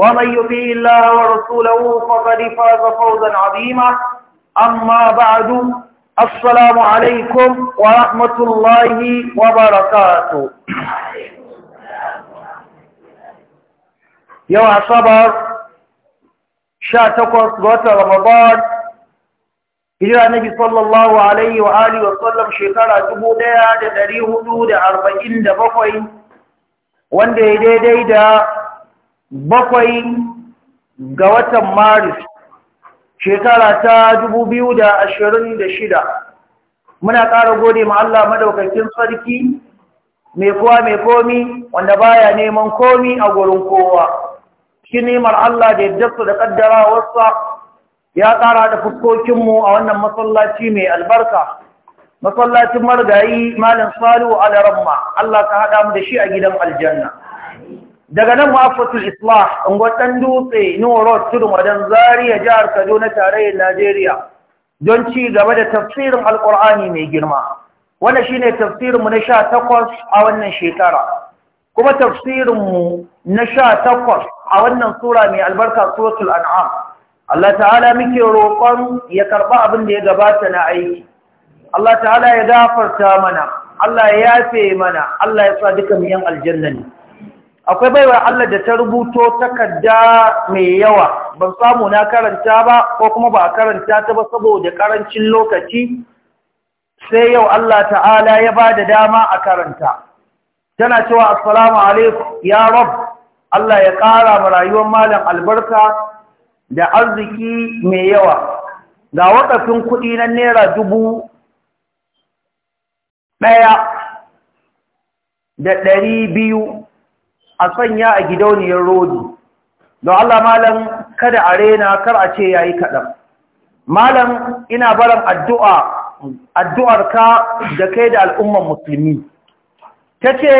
ومن يطيع الله ورسوله فقد فاز فوزا عظيما أما بعد السلام عليكم ورحمة الله وبركاته يا صبر شاتكوس غوت رمضان إلى النبي صلى الله عليه وآله وسلم شكرا جبودة دريه دود أربعين دبقين وان دي دي دي دا bakwai ga watan maris shekara ta shida. muna ƙara gode ma Allah madaukakin sarki mai kowa mai komi wanda baya neman komi a gurin kowa shi neman Allah da su da ƙaddarawarsa ya ƙara da fuskokinmu a wannan masallaci mai albarka masallacin marigayi malin salu ramma, Allah ka haɗa mu da shi a gidan aljanna daga nan mafatul islah ungwatan dutse new road tudun wajen zariya jihar kaduna tarayyar najeriya don ci gaba da tafsirin alkur'ani mai girma wanda shine tafsirinmu na sha takwas a wannan shekara kuma tafsirinmu na sha takwas a wannan sura mai albarka suratul an'am Allah ta'ala muke roƙon ya karɓa abin da ya gabata na aiki Allah ta'ala ya gafarta mana Allah ya yafe mana Allah ya sa duka mu yin aljanna ne akwai baiwar Allah da ta rubuto takarda mai yawa ban samu na karanta ba ko kuma ba a karanta ta ba saboda karancin lokaci sai yau Allah ta'ala ya ba da dama a karanta tana cewa assalamu alaikum ya rab Allah ya ƙara ma rayuwar malam albarka da arziki mai yawa ga wakafin kuɗi na naira dubu ɗaya da ɗari biyu a sanya a gidauniyar rodi don Allah malam kada a rena kar a ce yayi kaɗan malam ina baran addu'a addu'ar ka da kai da al'umman musulmi ta ce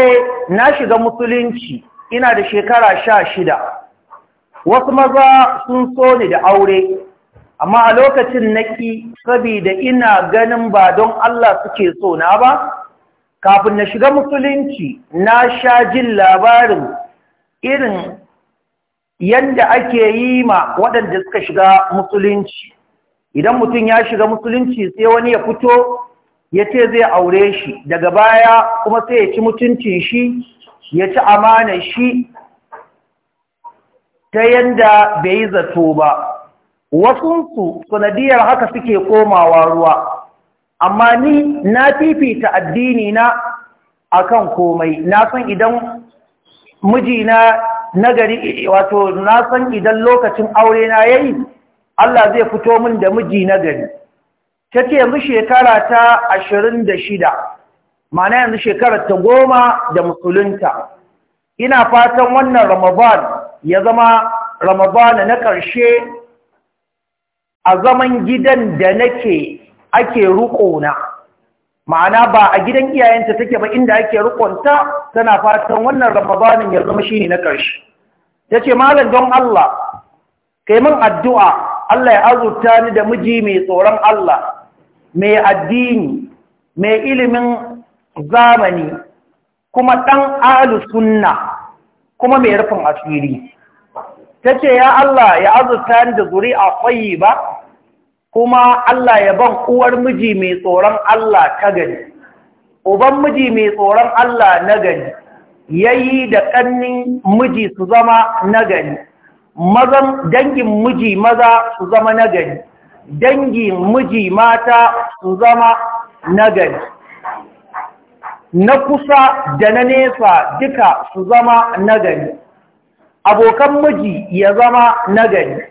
na shiga musulunci ina da shekara sha shida wasu maza sun so ni da aure amma a lokacin naki sabida ina ganin ba don Allah suke so na ba kafin na shiga musulunci na sha jin labarin irin yadda ake yi ma waɗanda suka shiga musulunci idan mutum ya shiga musulunci sai wani ya fito ya ce zai aure shi daga baya kuma sai ya ci mutuncin shi ya ci amanar shi ta yadda bai yi zato ba wasunsu sanadiyar haka suke komawa ruwa amma ni na fifita addini na akan komai na san idan mijina nagari wato na san idan lokacin aure na yayi Allah zai fito min da miji nagari ce mu shekara ta ashirin da 26 ma'ana yanzu shekara ta goma da musulunta ina fatan wannan Ramadan ya zama Ramadan na ƙarshe a zaman gidan da nake ake rukona, ma'ana ba a gidan iyayenta take ba inda ake rukonta tana fatan wannan ramadanin ya zama shine na ƙarshe ta ce malam don Allah kai min addu'a Allah ya azurta ni da miji mai tsoron Allah mai addini mai ilimin zamani kuma ɗan alu sunna kuma mai rufin asiri ta ce ya Allah ya azurta ni da zuri a ba kuma Allah ya ban uwar miji mai tsoron Allah ta gani uban miji mai tsoron Allah na gani yayi da ƙannin miji su zama na gani mazan dangin miji maza su zama na gani dangin miji mata su zama na gani na kusa da na nesa duka su zama na gani abokan miji ya zama na gani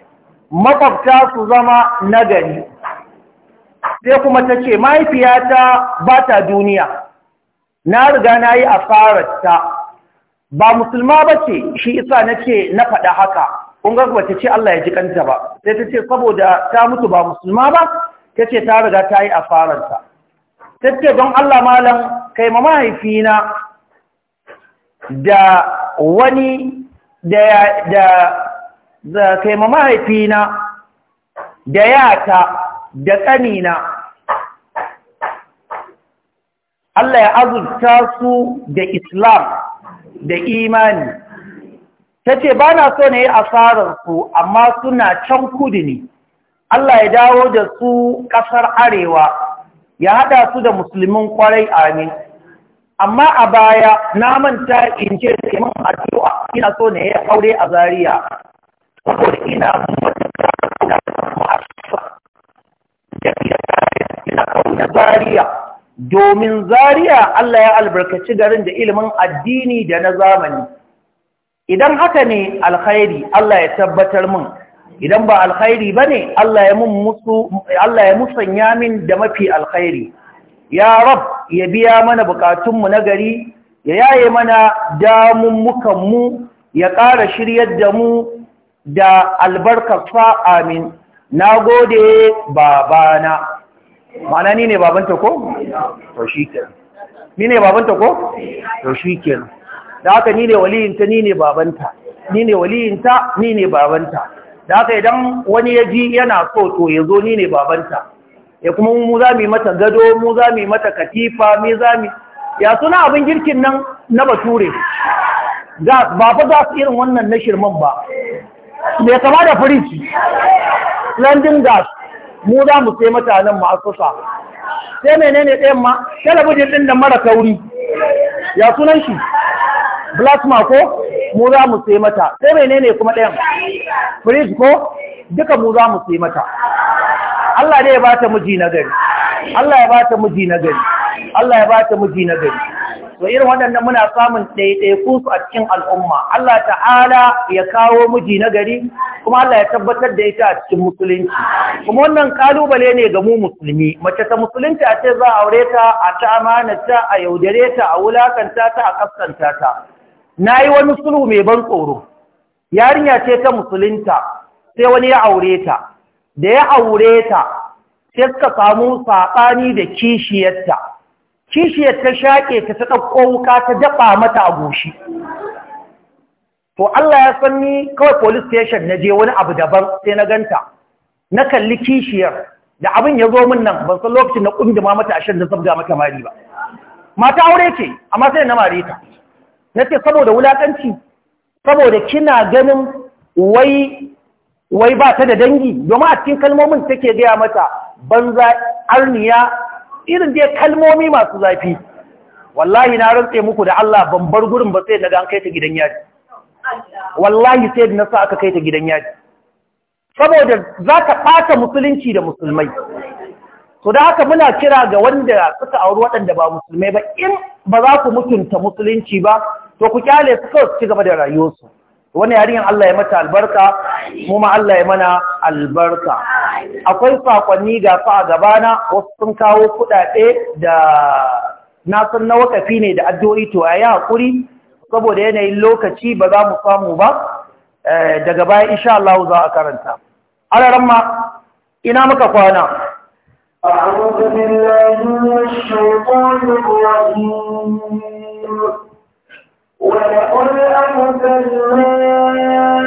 makwabta su zama nagari sai kuma ta ce mahaifiyata ba ta duniya na riga na yi asararta ba musulma ba ce shi isa na ce na faɗa haka ƙungar ba ce Allah ya ji kanta ba sai ta ce saboda ta mutu ba musulma ba ta ce ta riga ta yi asararta ta ce don Allah malam kai ma mahaifina da wani da za kai ma mahaifina da yata da ƙanina Allah ya azurta su da Islam da imani ta ce ba na so na yi asararsu amma suna can kudu ne Allah ya dawo da su ƙasar arewa ya haɗa su da musulmin ƙwarai amin amma a baya na manta in ce da iman addu'a ina so na yi aure a Zariya. domin zariya Allah ya albarkaci garin da ilimin addini da na zamani idan haka ne alkhairi Allah ya tabbatar min idan ba alkhairi bane Allah ya mun musu Allah ya musanya min da mafi alkhairi ya rab ya biya mana bukatunmu na gari ya yaye mana damun mukan mu ya ƙara shiryar da mu da albarkar fa amin na gode babana ma'ana ni ne babanta ko? to shi ni ne babanta ko? to shi da haka ni ne waliyinta ni ne babanta ni ne waliyinta ni ne babanta da haka idan wani ya ji yana so to ya zo ni ne babanta ya kuma mu za mu yi mata gado mu za mu yi mata katifa mu za mu ya suna abin girkin nan na bature ba fa za su irin wannan na shirman ba ya kama da firiji landin gas mu za mu sai mutanen ma'asusa sai menene ɗayan ma talabijin ɗin da mara kauri ya sunan shi plasma ko mu za mu sai mata sai menene kuma ɗayan firiji ko duka mu za mu sai mata Allah ne ya ba ta miji na gari Allah ya ba ta miji na gari Allah ya ba ta miji na gari to irin waɗannan muna samun ɗaiɗaiku su a cikin al'umma Allah ta'ala ya kawo miji nagari, kuma Allah ya tabbatar da ita a cikin musulunci kuma wannan kalubale ne ga mu musulmi mace ta musulunci a ce za a aure ta a ta ta a yaudare ta a wulakanta ta a kaskanta ta na yi wani sulhu mai ban tsoro yarinya ce ta musulunta sai wani ya aure ta da ya aure ta sai suka samu saɓani da kishiyarta kishiyar ta shaƙe ta ta ɗauko wuka ta daɓa mata a goshi to Allah ya san ni kawai police station na je wani abu daban sai na ganta na kalli kishiyar da abin ya zo min nan ban san lokacin na ma mata a shan da zabga mata mari ba mata aure ce amma sai na mare ta na ce saboda wulaƙanci saboda kina ganin wai wai ba ta da dangi domin a cikin kalmomin take gaya mata banza arniya irin dai kalmomi masu zafi wallahi na rantse muku da Allah ban bar gurin ba sai daga an kai ta gidan yaji wallahi sai na sa aka kai ta gidan yaji saboda za ɓata musulunci da musulmai to da haka muna kira ga wanda suka auri waɗanda ba musulmai ba in ba za ku mutunta musulunci ba to ku kyale su kawai su ci gaba da rayuwarsu wani yarinyar Allah ya mata albarka mu ma Allah ya mana albarka akwai sakonni ga fa a gabana wasu sun kawo kudade da na na wakafi ne da addu'o'i to a yi haƙuri, saboda yanayin lokaci ba za mu samu ba eh, daga baya insha Allah za a karanta ma ina muka kwana أعوذ بالله من الشيطان الرجيم ولقد أنزلنا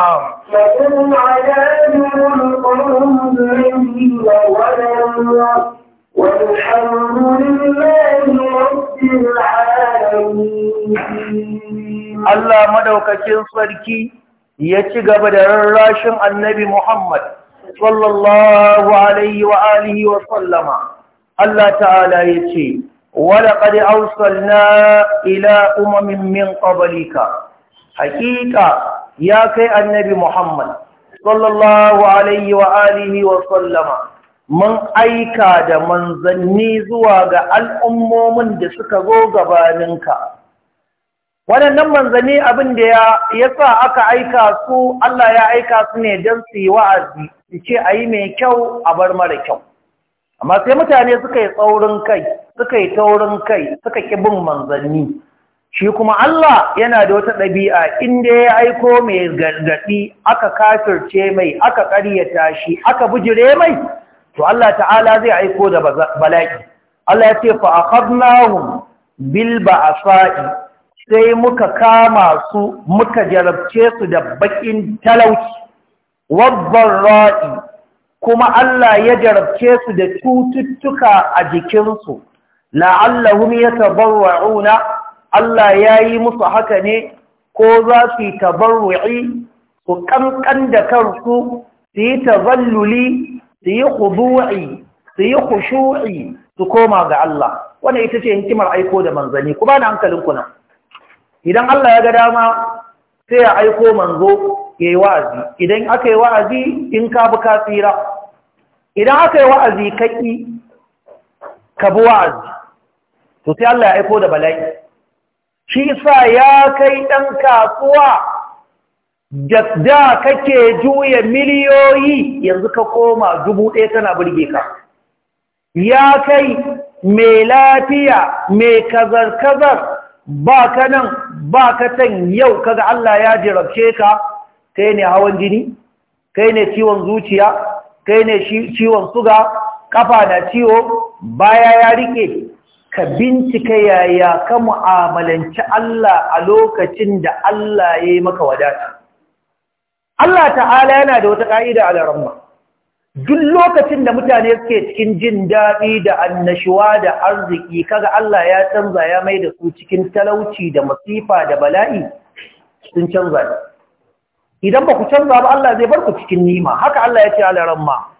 نعم لكم عذاب القرآن ولم والحمد لله رب العالمين الله مدوكاكين صدكي يتي غبا da rarrashin annabi Muhammad sallallahu alaihi wa alihi wa sallama Allah ta'ala yace ولقد أوصلنا إلى أمم من قبلك حقيقة ya kai annabi Muhammad sallallahu alaihi wa alihi wa sallama mun aika da manzanni zuwa ga al'ummomin da suka zo gabaninka waɗannan manzanni abin da ya sa aka aika su Allah ya aika su ne don su yi wa'azi su ce a yi mai kyau a bar mara kyau amma sai mutane suka yi tsaurin kai suka yi taurin kai suka ƙi bin manzanni shi kuma Allah yana da wata ɗabi'a inda ya aiko mai gargaɗi aka kafirce mai aka ƙaryata shi aka bujire mai to Allah ta'ala zai aiko da bala'i Allah ya ce fa'akhadnahum bil a sai muka kama su muka jarabce su da bakin talauci ra’i kuma Allah ya jarabce su da cututtuka a jikinsu la'allahum yatabarra'una Allah ya yi musu haka ne ko za su yi tabarru'i su ƙanƙan da kansu su yi tazalluli su yi khudu'i su yi khushu'i su koma ga Allah Wani ita ce hikimar aiko da manzanni ku bani hankalin ku nan idan Allah ya ga dama sai ya aiko manzo ya yi wa'azi idan aka yi wa'azi in ka bi ka tsira idan aka yi wa'azi ƙi ka bi wa'azi to sai Allah ya aiko da bala'i shi sa ya kai ɗan kasuwa da da kake juya miliyoyi yanzu ka koma dubu ɗaya tana burge ka ya kai mai lafiya mai kazar-kazar ba ka nan ba ka can yau kaga Allah ya jirabce ka kai ne hawan jini kai ne ciwon zuciya kai ne ciwon suga kafa na ciwo baya ya rike ka bincika yaya ka mu'amalanci Allah a lokacin da Allah ya yi maka wadata. Allah ta'ala yana da wata ƙa'ida a laramma. Duk lokacin da mutane suke cikin jin daɗi da annashuwa da arziki, kaga Allah ya canza ya mai da su cikin talauci da masifa da bala'i sun canza. Idan ba ku canza ba Allah zai bar ku cikin nima, haka Allah ya ce a laramma.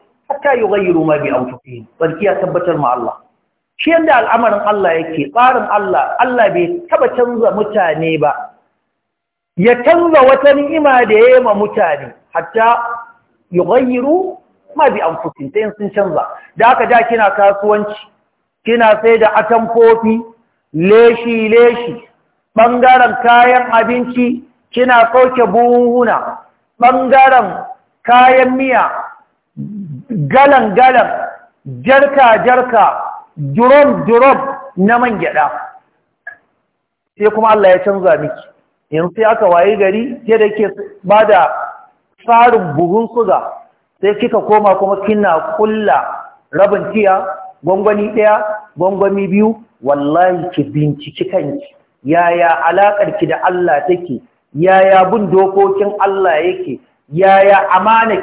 hatta yughayyiru ma bi anfusihim barki ya tabbatar ma Allah shi yadda al'amarin Allah yake tsarin Allah Allah bai taba canza mutane ba ya canza wata ni'ima da ya ma mutane hatta yughayyiru ma bi anfusihim sai sun canza da haka da kina kasuwanci kina sai da atamfofi leshi leshi bangaren kayan abinci kina kauke buhuna bangaren kayan miya galan-galan jarka-jarka durom-durom na man gyada sai kuma Allah ya canza miki yanzu sai aka waye gari sai da ke ba da tsarin buhun suga sai kika koma kuma kina kulla rabin tiya gwangwani ɗaya gwangwani biyu wallahi ki binciki kanki yaya alaƙarki da Allah take yaya bin dokokin Allah yake yaya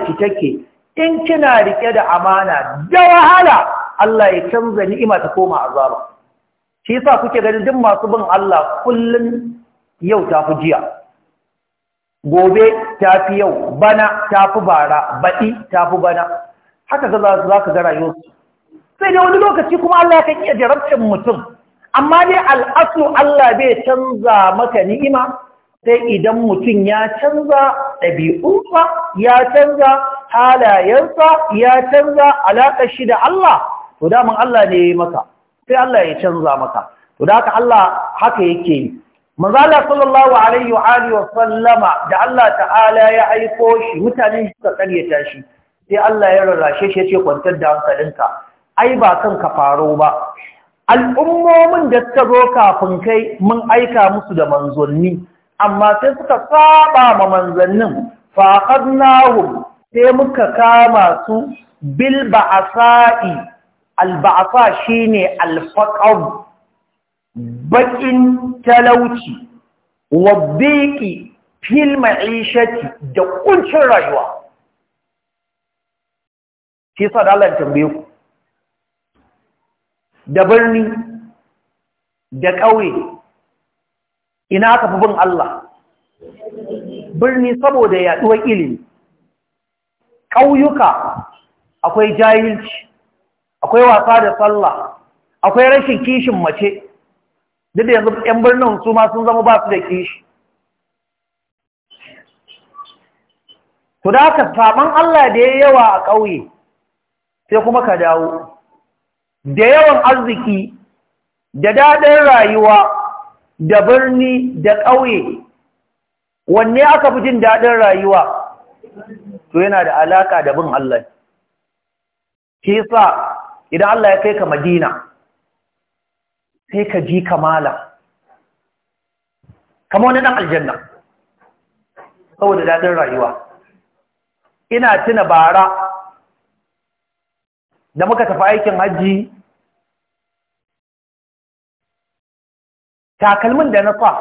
ki take in kina rike da amana da wahala Allah ya canza ni'ima ta koma azaba shi yasa kuke ganin duk masu bin Allah kullun yau ta fi jiya gobe ta fi yau bana ta fi bara badi ta fi bana haka ga za ka ga rayuwarsu sai da wani lokaci kuma Allah kan iya jarabcin mutum amma dai al'asu Allah bai canza maka ni'ima sai idan mutum ya canza ɗabi'unsa ya canza halayensa ya canza alaƙar shi da Allah to damun Allah ne ya yi maka sai Allah ya canza maka to da haka Allah haka yake yi manzala sallallahu alaihi wa alihi wa sallama da Allah ta'ala ya aiko shi mutane suka karyata shi sai Allah ya rarrashe shi yace kwantar da hankalinka ai ba kan ka faro ba al'ummomin da suka zo kafin kai mun aika musu da manzonni amma sai suka saba ma manzannin fa akhadnahum sai muka kama su bil ba'asa'i. al shi shine al baƙin talauci wa dhiki fil ma'ishati da kuncin rayuwa shi sa da Allah tambaye ku da birni da ƙauye ina aka fi bin Allah birni saboda yaɗuwar ilimi ƙauyuka akwai jahilci akwai wasa da sallah akwai rashin kishin mace duk da yanzu 'yan birnin su ma sun zama ba su da kishi Ku da aka saman Allah da ya yawa a ƙauye sai kuma ka dawo da yawan arziki da daɗin rayuwa da birni da ƙauye wanne aka fi jin daɗin rayuwa to yana da alaƙa da bin Allah shi sa idan Allah ya kai ka madina sai ka ji kamala kama wani ɗan aljanna saboda daɗin rayuwa ina tuna bara da muka tafi aikin hajji takalmin da na sa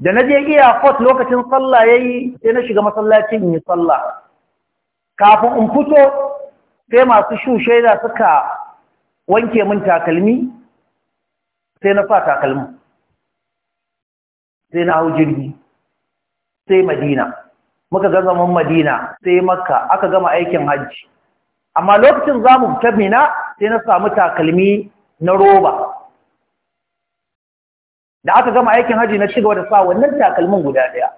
da na je iya Fos lokacin sallah yi, sai na shiga masallacin yi sallah kafin in fito sai masu shushe da suka wanke min takalmi sai na sa takalmin sai na hau jirgi sai madina muka ga madina sai makka aka gama aikin hajji amma lokacin za mu fita mina sai na samu takalmi na roba da aka gama aikin haji na cigaba da sa wannan takalmin guda daya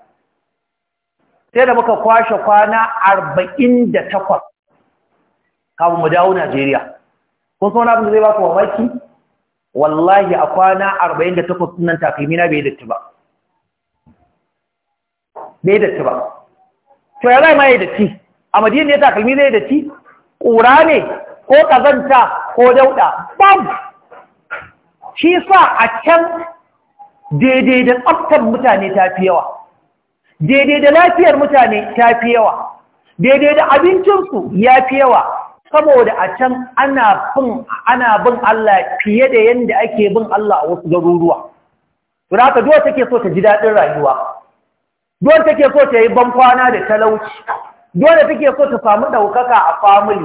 sai da muka kwashe kwana arba'in da takwas kafin mu dawo Najeriya kun san abin da zai ba ku mamaki wallahi a kwana arba'in da takwas nan takalmi na bai datti ba bai datti ba to ya zai ma ya datti a madina ya takalmi zai datti ƙura ne ko ƙazanta ko dauɗa bam shi sa a can daidai da tsaftar mutane ta fi yawa daidai da lafiyar mutane ta fi yawa daidai da abincinsu ya fi yawa saboda a can ana bin Allah fiye da yadda ake bin Allah a wasu garuruwa. Raka duwa take so ta ji daɗin rayuwa, duwa take so ta yi bankwana da talauci, duwa take so ta samu ɗaukaka a famili,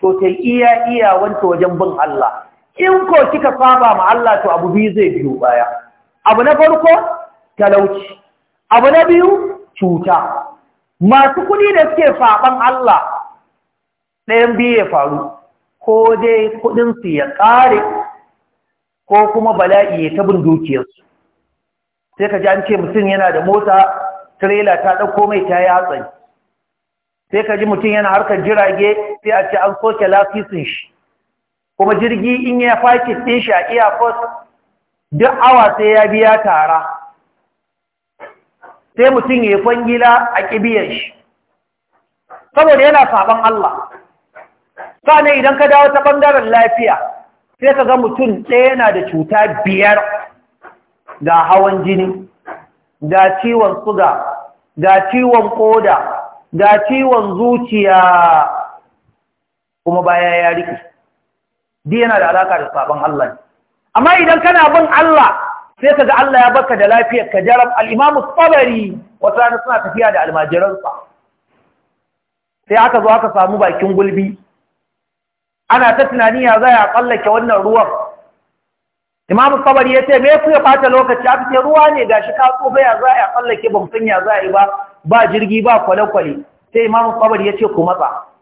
so ta iya iya wanta wajen bin Allah. in ko kika saba ma Allah to abu biyu zai biyo baya abu na farko talauci abu na biyu cuta masu kudi da suke saban Allah ɗayan biyu ya faru ko dai kudinsu ya ƙare ko kuma bala'i ya tabin dukiyarsu sai ka ji an ce mutum yana da mota tirela ta ɗauko mai ta yi hatsari sai ka ji mutum yana harkar jirage sai a ce an soke lafisin shi kuma jirgi in ya faki ɗin shi a airport duk awa sai ya biya tara sai mutum ya kwangila a ƙibiyar shi saboda yana saban Allah sani idan ka dawo ta ɓangaren lafiya sai ka ga mutum ɗaya yana da cuta biyar ga hawan jini ga ciwon suga ga ciwon ƙoda ga ciwon zuciya kuma baya ya rike. duk yana da alaka da sabon Allah ne amma idan kana bin Allah sai ka ga Allah ya baka da lafiyar ka jarab al-Imam Tabari wata rana suna tafiya da sa. sai aka zo aka samu bakin gulbi ana ta tunani ya a tsallake wannan ruwan Imam Tabari ya ce me ku ya fata lokaci aka ce ruwa ne gashi ka tsofa ya zai a tsallake ban san ya yi ba ba jirgi ba kwale-kwale sai Imam Tabari ya ce ku matsa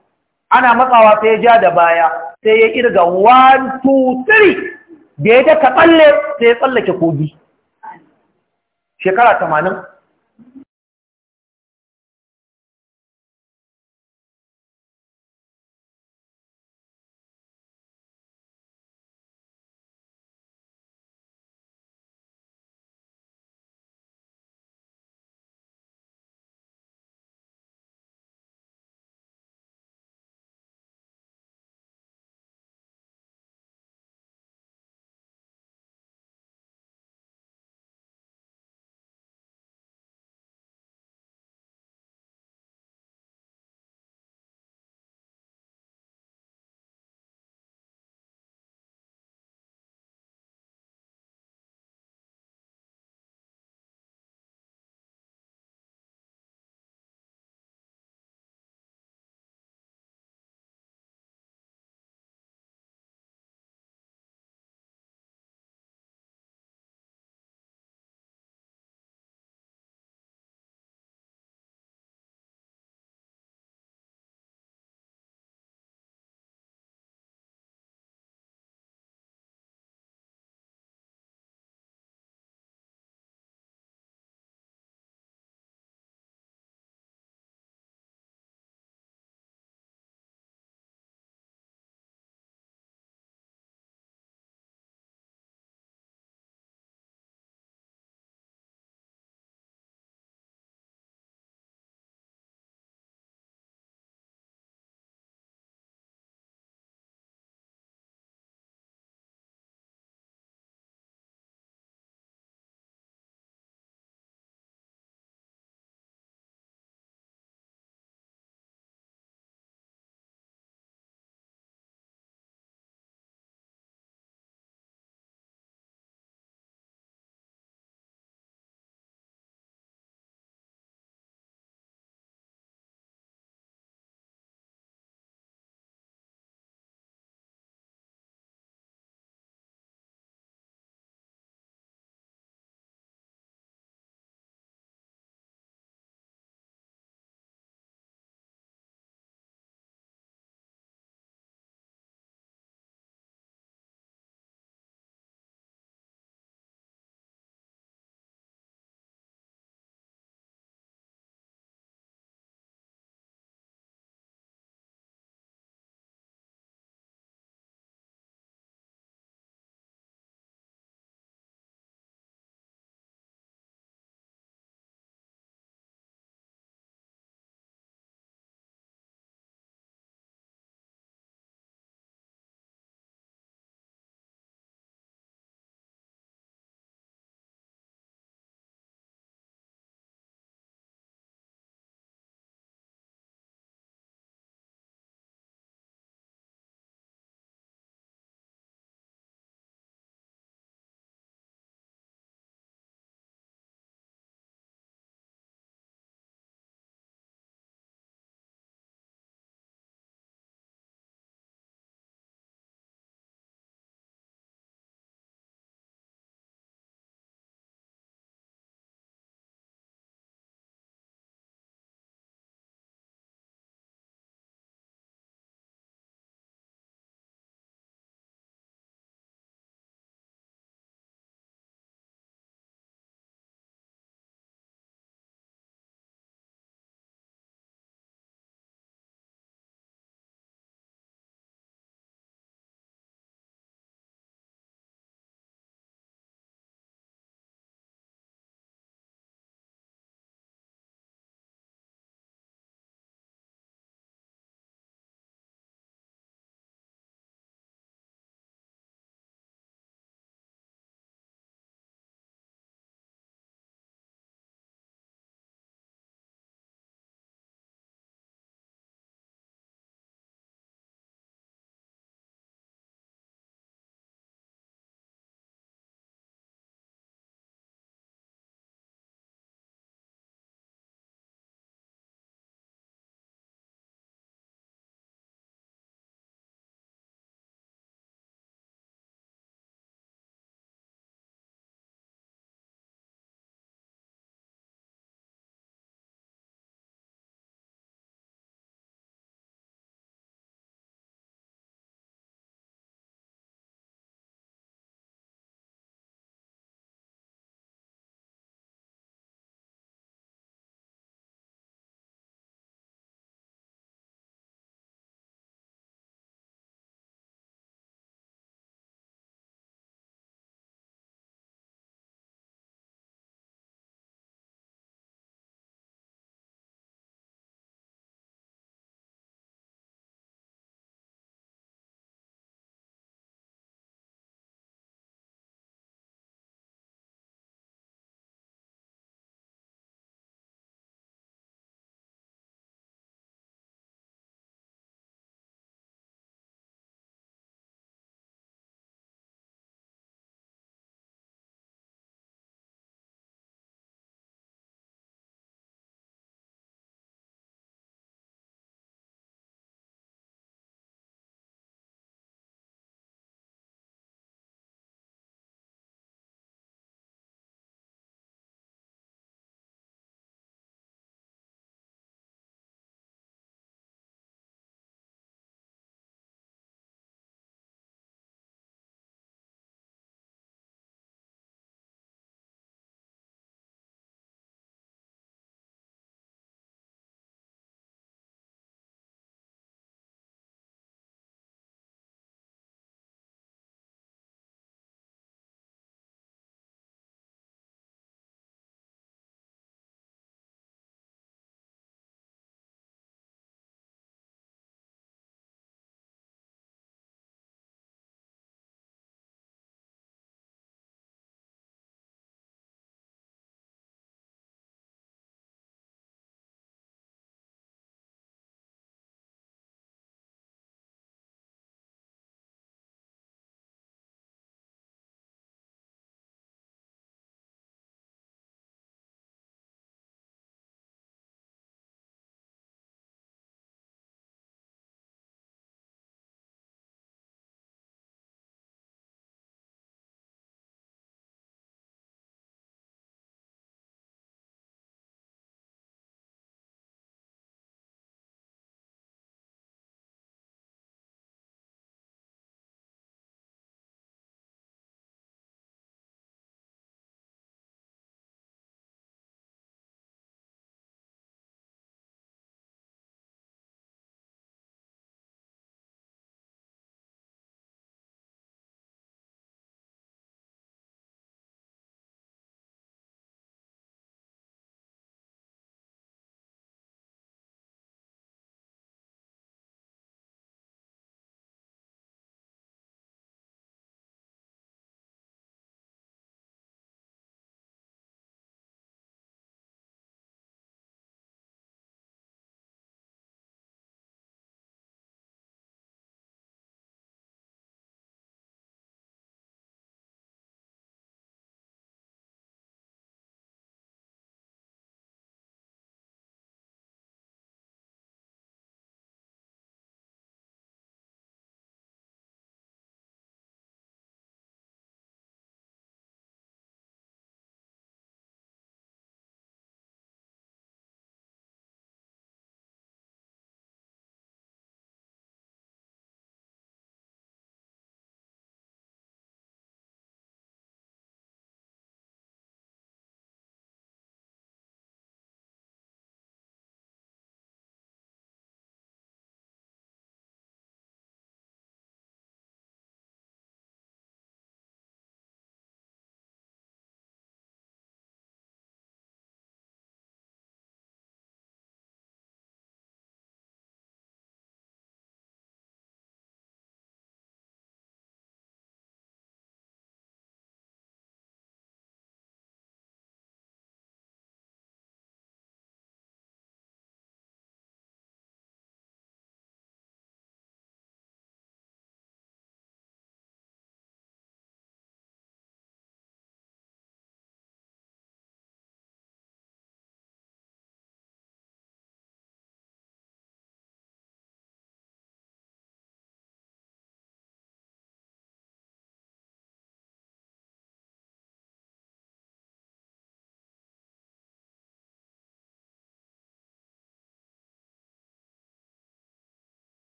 ana matsawa sai ya ja da baya sai ya irga 1 2 3 da ya ta tsalle sai ya tsallake kogi shekara tamanin